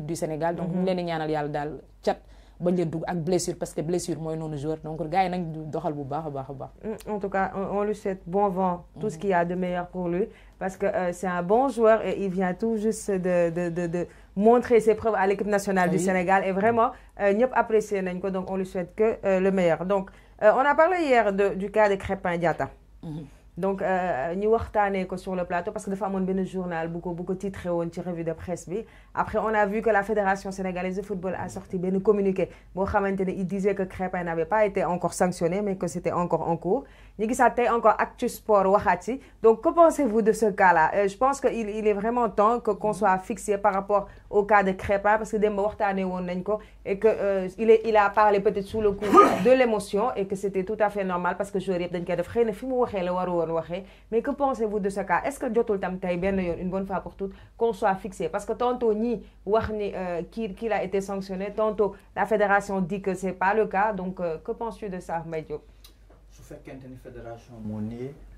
du Sénégal donc nous avons mhm. di ñaanal yàlla daal chat bañ blessure parce que blessure moy nos joueur donc gars yi nañ doxal bu baax baax mm, en tout cas on lui souhaite bon vent tout ce mhm. qu'il y a de meilleur pour lui parce que euh, c'est un bon joueur et il vient tout juste de de de, de montrer ses preuves à l'équipe nationale du Sénégal et vraiment euh, ñep apprécié nañ donc on lui souhaite que euh, le meilleur donc on a parlé hier de, du cas de Crépin indiata mhm donc euh, ñu avons sur le plateau parce que dafa fois, on journal beaucoup ko bu ko titré woon ci revue de presse après on a vu que la fédération sénégalaise de football a sorti Un communiqué Mohamed il disait que Crépin n'avait pas été encore sanctionné mais que c'était encore en cours encore actus sport donc que pensez-vous de ce cas-là euh, je pense que il, est vraiment temps que qu'on soit fixé par rapport au cas de Crépa, parce que et euh, il il a parlé peut-être sous le coup de l'émotion et que c'était tout à fait normal parce que je yëpp dañ koy def de fi mais que pensez-vous de ce cas est-ce que jotul tam tey une bonne fois pour toutes qu'on soit fixé parce que tantôt ni ni euh, a été sanctionné tantôt la fédération dit que c'est pas le cas donc que penses-tu de ça Médio fekkente fédération moo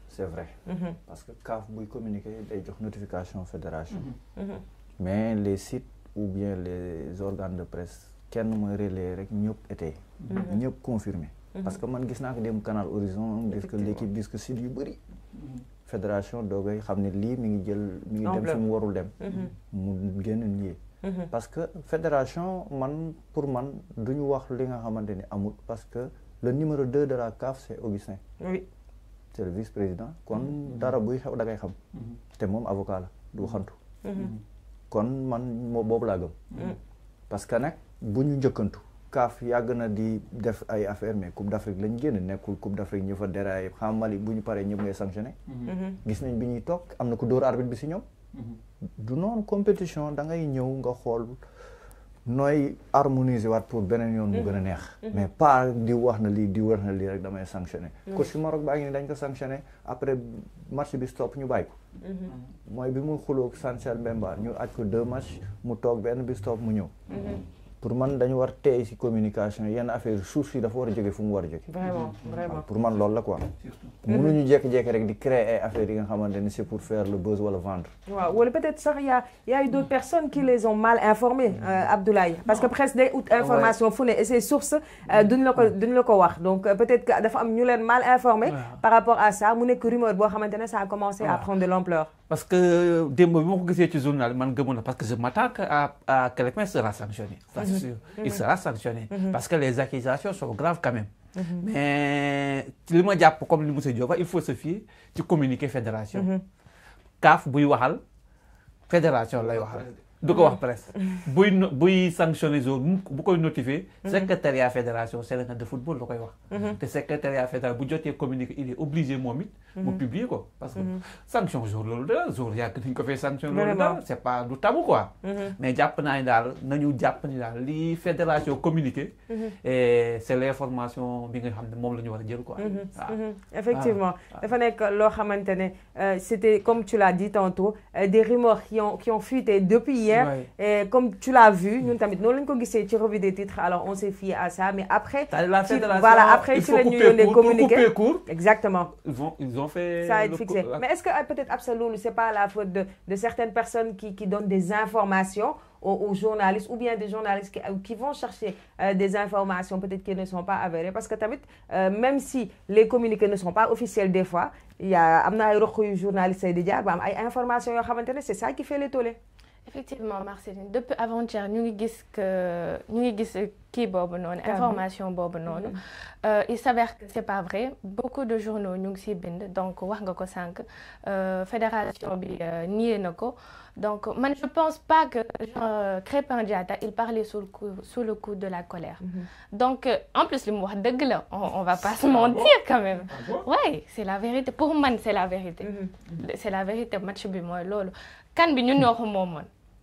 c'est vrai. Mm-hmm. parce que CAF buy communiquer day jox notification fédération. Mm-hmm. Mm-hmm. mais les sites ou bien les organes de presse kenn mooy relayer rek ñop été. ñop confirmé. parce que man gis naa dem canal Horizon gis que l'équipe gis que site yu bari fédération dogay xamné li mi ngi jël mi ngi dem fi mu warul dem. mu genn nii. parce que fédération man pour man duñu wax li nga xamanteni amul parce que. le numéro 2 de la CAF c'est Augustin. oui c'est le vice-président. kon mm-hmm. dara buy xew da ngay xam. Mm-hmm. te moom avocat la du xantu. Mm-hmm. kon man moom boobu laa gëm. parce que nag bu ñu njëkkantu. CAF yàgg na di def ay affaire mais Coupe d'Afrique lañ génn nekkul Coupe d'Afrique ñu fa déraillé xam Mali bu ñu paree ñëpp ngay sanctionné. gis nañ bi ñuy toog am na ku dóor arbitre bi si ñoom. du noonu compétition da ñëw nga xool. nooy harmoniser waat pour beneen yoon bu gën a neex mhm. mais pas di wax na lii di wax na lii rek damay sanctionné mhm. coach si Maroc baa ngi ni dañ ko sanctionné après match bi stop ñu bàyyi ko mhm. mooy bi mu xuloog Chancel Mbemba ñu aj ko deux match mu toog benn bi stop mu ñëw pour man dañu war té ci communication yenn affaire source yi dafa war a jóge fu mu war a vraiment mhm. vraiment pour man lool la quoi. mënuñu jékki-jékki rek di créer affaire yi nga xamante ni c'est pour faire le buzz wala vendre. waaw wala peut-être sax y a y a eu d'autres personnes qui les ont mal informés mhm. euh, Abdoulaye. parce que presque des ut information et ces sources euh, duñ la ko mhm. duñ la ko wax donc euh, peut-être que dafa am ñu leen mal informés par rapport à ça mu nekk rumeur bo xamante ça a commencé à prendre de l'ampleur. parce que démb bi ma ko gisé ci journal man gëmu parce que je m'attaque à à quelqu'un sera sanctionné il mhm. sera mhm. sanctionné. Mhm. Parce que les accusations sont graves quand même. Mais, comme le Diop, il faut se fier du communiqué fédération. CAF, Bouyouahal, fédération, du ko wax presse. buy no buy sanctionné bu koy notifié. Mhm. secrétariat fédération sénégalaise de football la koy Le mhm. secrétariat fédéral bu jotee communiqué il est obligé de it. Mhm. publier quoi parce que sanction jour loolu de la jour yàgg nañu ko fee sanction loolu c'est pas du tabou quoi. mais jàpp naa ni daal nañu jàpp ni daal li fédération communiqué. et c'est l'information que information bi nga xam ne moom la quoi. effectivement dafa nekk loo xamante euh, comme tu l'as dit tantôt euh, des rumeurs qui ont qui ont fuité depuis hier. Et comme tu l'as vu, nous, tamit nous des titres alors on s'est fié à ça mais après. voilà après exactement. ils ont ils ont fait. ça a été fixé mais est-ce que euh, peut-être absolument, c'est pas la faute de certaines personnes qui donnent des informations. aux, journalistes ou bien des journalistes qui, euh, vont chercher euh, des informations peut-être qui ne sont pas avérées parce que tamit même si les communiqués ne sont pas officiels des fois il y a des journalistes qui ont des informations c'est ça qui fait les tollés effectivement Marceline depuis avant-hier nous avons vu que ñu ngi information mm-hmm. euh, il s'avère que ce n'est pas vrai beaucoup de journaux nous ont donc wax euh, fédération bi euh, nié donc, je ne pense pas que euh, Crépin Diata, il parlait sous le, coup, de la colère. Mhm. Donc, euh, en plus, le mot de on ne va pas ah se mentir quand même. Ah oui, c'est la vérité. Pour moi, c'est la vérité. Mhm. C'est la vérité. Quand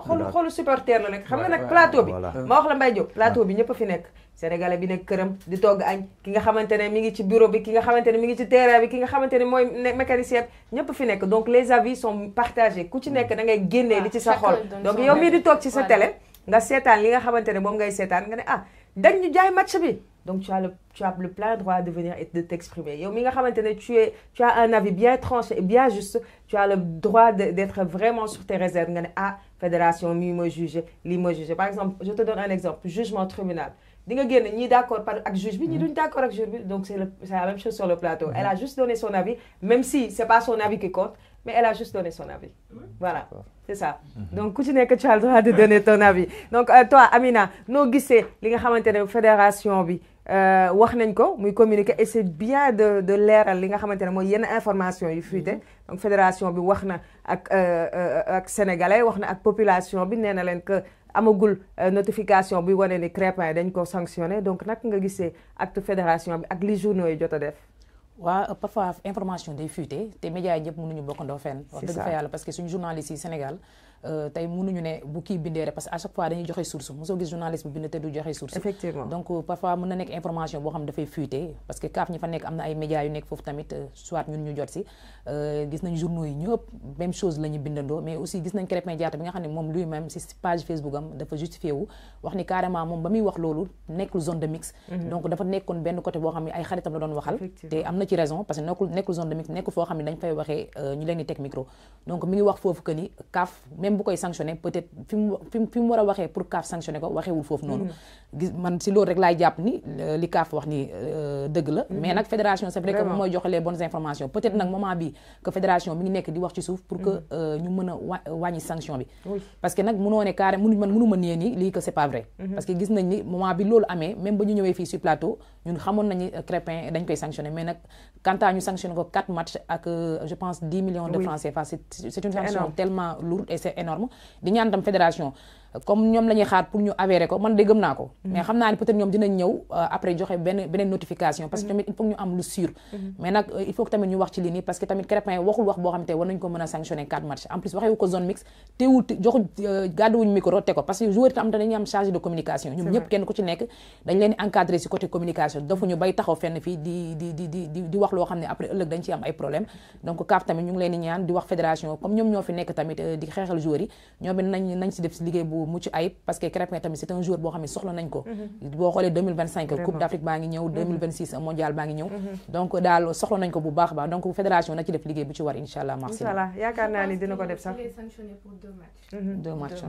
xool xool supporter la nekk xam nga nag plateau bi ma wax la Diop plateau bi ñëpp fi nekk sénégalais bi nekk këram di togg añ ki nga xamante ne mi ngi ci bureau bi ki nga xamante ne mi ngi ci terrain bi ki nga xamante ne mooy mécanicien ñëpp fi nekk donc les avis sont partagés ku ci nekk mm. da ngay génnee li ci sa xol donc yow mii di toog ci sa télé nga seetaan li nga xamante ne moom ngay seetaan nga ne ah dañ ñu jaay match bi donc tu as le tu as le plein droit de venir et de t'exprimer yow mi nga xamante ne tu es tu as un avis bien tranché et bien juste tu as le droit d'être vraiment sur tes réserves nga ne ah fédération mieux moi juge, par exemple je te donne un exemple jugement tribunal Dingue, nga ni d'accord mm-hmm. d'accord avec juge ni d'accord avec juge donc c'est la même chose sur le plateau mm-hmm. elle a juste donné son avis même si ce n'est pas son avis qui compte mais elle a juste donné son avis. Voilà, c'est ça. Mhm. Donc, continuez que tu as le droit de donner ton avis. Donc, euh, toi, Amina, nous Guissé, li nga xamante fédération bi euh, wax nañ ko muy communiquer et c'est bien de de l'air, li nga xamante ne mooy information il faut. Mhm. donc fédération bi wax na ak euh, ak sénégalais wax na ak population bi nee na que amagul notification bi woné ni Krépin dañ ko sanctionné donc nak nga gisee acte fédération bi ak li journaux yi jotta def waa euh, parfois information est fuité les médias ne peuvent pas bokkandoo fenn. wax dëgg parce que suñu journaliste au Sénégal. Euh, tey mënuñu né bu ki bindee parce que à chaque fois dañuy joxé source mosoo gis journaliste bu bind te du joxé source effectivement donc euh, parfois mën nek information bo xam fay fuité parce que kaf ñi fa nek amna ay médias yu nek fofu tamit euh, soit ñun ñu jot ci euh gis nañ journaux yi ñëpp même chose lañu ñu bindandoo mais aussi gis nañ crépin Diatta bi nga xam ne moom lui même ci page Facebook am dafa justifié wu wax ni carrément mom bamuy wax lolu nek zone de mix mhm. donc dafa nekkon benn côté bo xam ne ay xaritam la doon waxal té amna ci raison parce que nekul nekul zone de mix nekkul fo xam ne dañ fay waxé ñu leen di teg micro donc mi ngi wax fofu que ni kaaf même bu koy peut-être fim fim fi mu fi pour CAF sanctionné ko waxeewul foofu noonu. Mm-hmm. gis man si loolu rek lay japp ni euh, li CAF wax ni deug la. Mm-hmm. mais nak fédération c'est vrai que moom mooy les bonnes informations peut-être nak moment bi que fédération mi ngi nek di wax ci souf pour que mm-hmm. euh, ñu mën wañi sanction bi. parce que nak mënoo ne carrément mënuñ man mënuma ma ni li que c'est pas vrai. parce que gis nañ ni moment bi loolu amé même ba ñu ñëwé fi sur plateau ñun xamone nañ euh, Crépin dañ koy sanctionné mais nak quand à ñu sanctionné ko 4 matchs ak je pense 10 millions de francs CFA c'est une sanction tellement lourde et c'est énorme di ñaan tam fédération comme ñom la xaar pour ñu avérer ko man de gëm naa mm-hmm. mais xamna ni peut-être ñom dinañ ñew euh, après joxe ben benen notification parce que mm-hmm. tamit il faut ñu am lu sûr mm-hmm. mais nak euh, il faut que tamit ñu wax ci lii nii parce que tamit Crépin waxul wax bo xam war nañ ko mëna sanctionner quatre matchs en plus waxé ko zone mixte teewul joxu euh, wuñ micro té ko parce que joueur tam dañuy am chargé de communication ñom ñep kenn ku ci nekk dañ leen encadrer ci côté communication dofu ñu bay taxaw fenn fi di di di di di wax lo xamné après ëllëg dañ ci am ay problème donc CAF tamit ñu ngi leen di ñaan di wax fédération comme ñom ñofi nekk tamit di xéxal joueur yi ñom nañ nañ ci def ci liggéey bu bu mucc ayib parce que Krépin tamit c'est un joueur boo xam sur le nañ ko mhm. boo xoolee 2025 coupe d'Afrique baa ngi ñëw 2026 mhm. mondial baa ngi mhm. donc daal sur nañ ko bu baax baax donc fédération on ci def liggéey bu ci war insha allah merci voilà yaakaar naa ni dina ko def sax deux matchs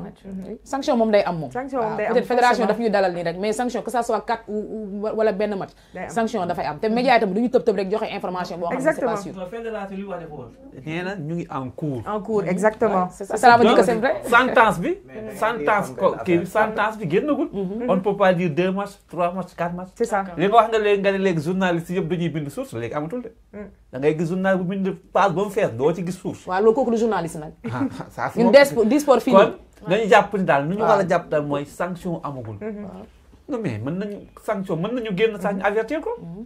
sanction moom day am moom peut-être fédération daf ñuy dalal nii rek mais sanction que ça soit quatre ou wala benn match sanction dafay am T'es média itam du ñu tëb rek joxe information Fédération xam ne c'est pas sûr nee na ñu ngi en cours en cours exactement ça veut dire que c'est vrai sentence bi sentence bi génnagul on peut pas deux matchs trois matchs quatre matchs c'est ça li nga wax nga léegi nga ne léegi de mm. da ngay gis journal bu bind page doo ci gis source waaw loolu kooku du journaliste nag ah, ah, ça ñun di daal nu ñu war a daal mooy sanction amagul uhuh. non mais mën nañu sanction génn sax ñu ko uhuh.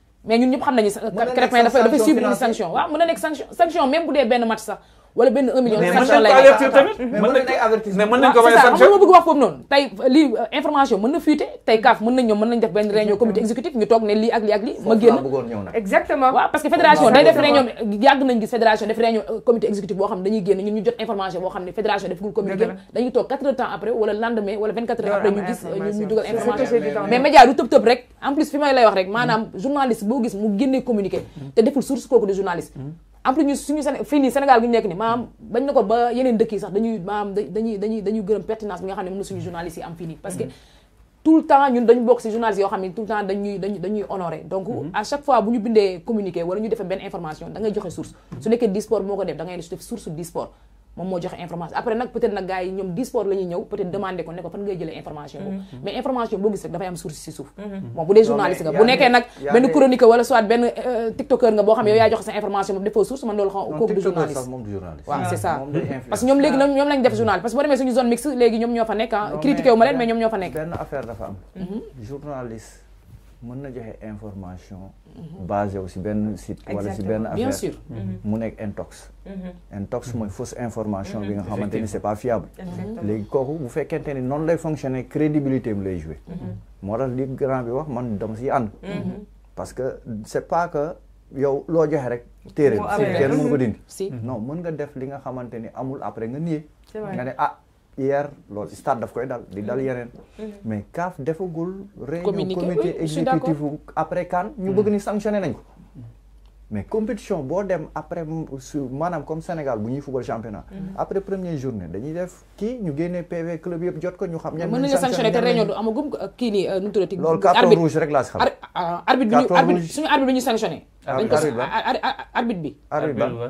mais ñun ñëpp xam nañu Krépin dafay dafay subir une sanction waaw mën nekk sanction sanction même bu dee benn match sax wala benn 1 million. sanction lay mais mën nañ ko avertir tamit. Ah, ma bëgg wax foofu noonu tey lii euh, information mën na fuité tey kaaf mën nañ ñoom mën nañ def benn réunion comité exécutif ñu toog ne lii ak lii ak lii ma génn exactement waaw parce que fédération day def réunion yàgg nañ gis fédération def réunion euh, comité exécutif boo xam ne dañuy génn ñun ñu jot information boo xam ne fédération defagul communiqué dañuy toog 4 heures temps après wala lendemain wala 24 heures après ñu gis euh, ñu dugal information mais média du tëb tëb rek en plus fi may lay wax rek maanaam journaliste boo gis mu génnee communiqué hmm. te deful source kooku de journaliste hmm. am plus ñu suñu fii nii Sénégal gi ñu nekk ni maanaam bañ na ko ba yeneen dëkk yi sax dañuy maanaam dañuy dañuy dañuy gërëm pertinence bi nga xam ne moom la suñu journalistes yi am fii parce que tout temps ñun dañu bokk ci journalistes yoo xam ne tout temps dañuy dañuy donc mhm. à chaque fois bu ñu bindee communiqué wala ñu defee benn information da joxe source su nekkee di moo ko def da source di moom moo joxe information après nag peut nag gars yi ñoom disport la ñëw peut-être ko ne fan ngay jëlee mm-hmm. information boo gis rek dafay am source si suuf mm-hmm. bu dee journaliste nga bu nekkee nag benn chroniqueur wala soit benn euh, tiktokeur nga boo xam yaa joxe sa information boobu defoo source man loolu xam kooku du journaliste waaw c'est ça parce que ñoom léegi ñoom lañ def journal parce que boo demee suñu zone mixte léegi ñoom ñoo fa nekk ah, critiqué mën na joxe information. Mhm. basé aussi benn site wala si ben affaire bien sûr mhm. mhm. mu nekk intox. intox mooy fausse information bi nga xamante ni pas fiable. léegi kooku bu fekkente ni non lay fonctionné crédibilité lay joué. moo tax li grand bi wax man dama siy ànd. parce que c' est pas que yow loo joxe rek téere kenn mënu ko dindi. non mën nga def li nga xamante ni amul après nga nié. nga ne ah. hier loolu stade daf koy dal di dal mm-hmm. yeneen. Mm-hmm. mais CAF defagul. réunion comité exécutif après CAN. ñu mm-hmm. bëgg ni sanctionné nañ mais compétition boo dem après su maanaam comme Sénégal bu ñuy football championnat. après première journée dañuy def kii ñu génnee PV club yëpp jot ko ñu xam. ñan nañu sanctionné te réunion du amagum euh, kii nii euh, nu mu tuddati. Euh, bi ñu arbitre suñu arbitre bi ñu sanctionné. Ah, arbitre bi bi.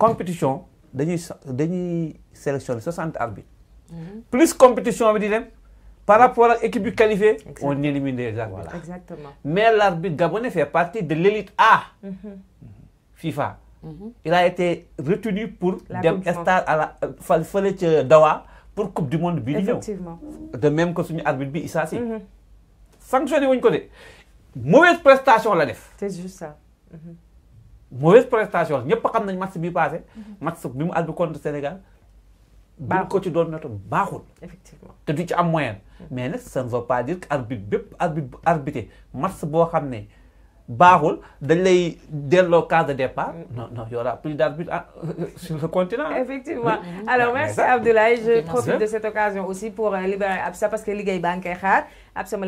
compétition dañuy dañuy sélectionner 60 arbitres. Mhm. plus compétition bi dit par rapport à l'équipe qualifiée. on élimine les arbitres. exactement mais l'arbitre gabonais fait partie de l'élite A. Mhm. FIFA. Mhm. il a été retenu pour. à la pour coupe du monde de effectivement de même que l'arbitre arbitre B, Issa Sy. sanctionné vous ko mauvaise prestation la def. c'est juste ça mauvaise prestation ñëpp xam nañ match bi passé. Mhm. match bi mu arbitre contre Sénégal. ba ko ci doon notre baaxul. effectivement te du ci am moyen. Mhm. mais nak ça ne veut pas dire que arbitre bépp arbitre arbitrer match bo xamné ne dañ lay cas de départ. Mhm. non non y aura plus d'arbitre hein, sur le continent. Hein. effectivement alors ah, merci Abdoulaye je profite de cette occasion aussi pour euh, libérer Absa parce que les banques kay xaar Absa